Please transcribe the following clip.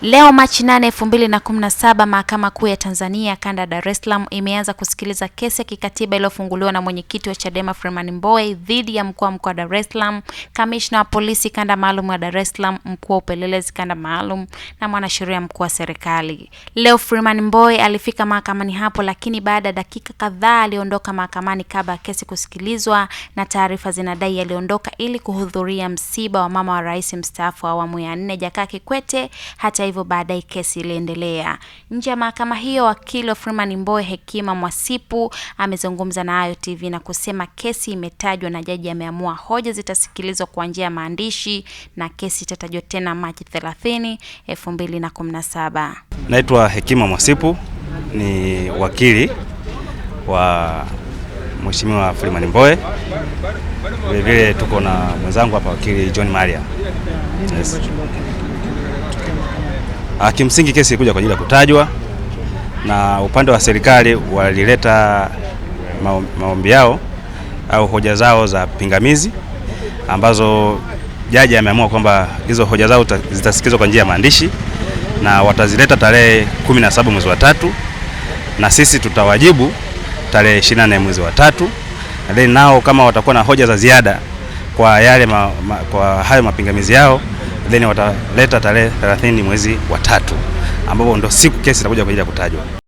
Leo Machi 8, 2017 Mahakama Kuu ya Tanzania kanda ya Dar es Salaam imeanza kusikiliza kesi ya kikatiba iliyofunguliwa na mwenyekiti wa Chadema Freeman Mbowe dhidi ya mkuu wa mkoa wa Dar es Salaam, kamishna wa polisi kanda maalum ya Dar es Salaam, mkuu wa upelelezi kanda maalum na mwanasheria mkuu wa serikali. Leo Freeman Mbowe alifika mahakamani hapo, lakini baada ya dakika kadhaa aliondoka mahakamani kabla ya kesi kusikilizwa, na taarifa zinadai aliondoka ili kuhudhuria msiba wa mama wa rais mstaafu wa awamu ya nne Jakaya Kikwete. Hata hivyo baadaye kesi iliendelea. Nje ya mahakama hiyo, wakili wa Freeman Mbowe Hekima Mwasipu amezungumza na Ayo TV na kusema kesi imetajwa na jaji ameamua hoja zitasikilizwa kwa njia ya maandishi na kesi itatajwa tena Machi 30, 2017. Naitwa Hekima Mwasipu, ni wakili wa Mheshimiwa Freeman Mbowe. Vilevile tuko na mwenzangu hapa wakili John Maria. Yes. Ah, kimsingi kesi ilikuja kwa ajili ya kutajwa na upande wa serikali walileta maombi yao au hoja zao za pingamizi ambazo jaji ameamua kwamba hizo hoja zao zitasikizwa kwa njia ya maandishi na watazileta tarehe 17 mwezi wa tatu, na sisi tutawajibu tarehe 24 mwezi wa tatu. Then nao kama watakuwa na hoja za ziada kwa yale ma, ma, kwa hayo mapingamizi yao then wataleta tarehe 30 mwezi wa tatu ambapo ndo siku kesi itakuja kwa ajili ya kutajwa.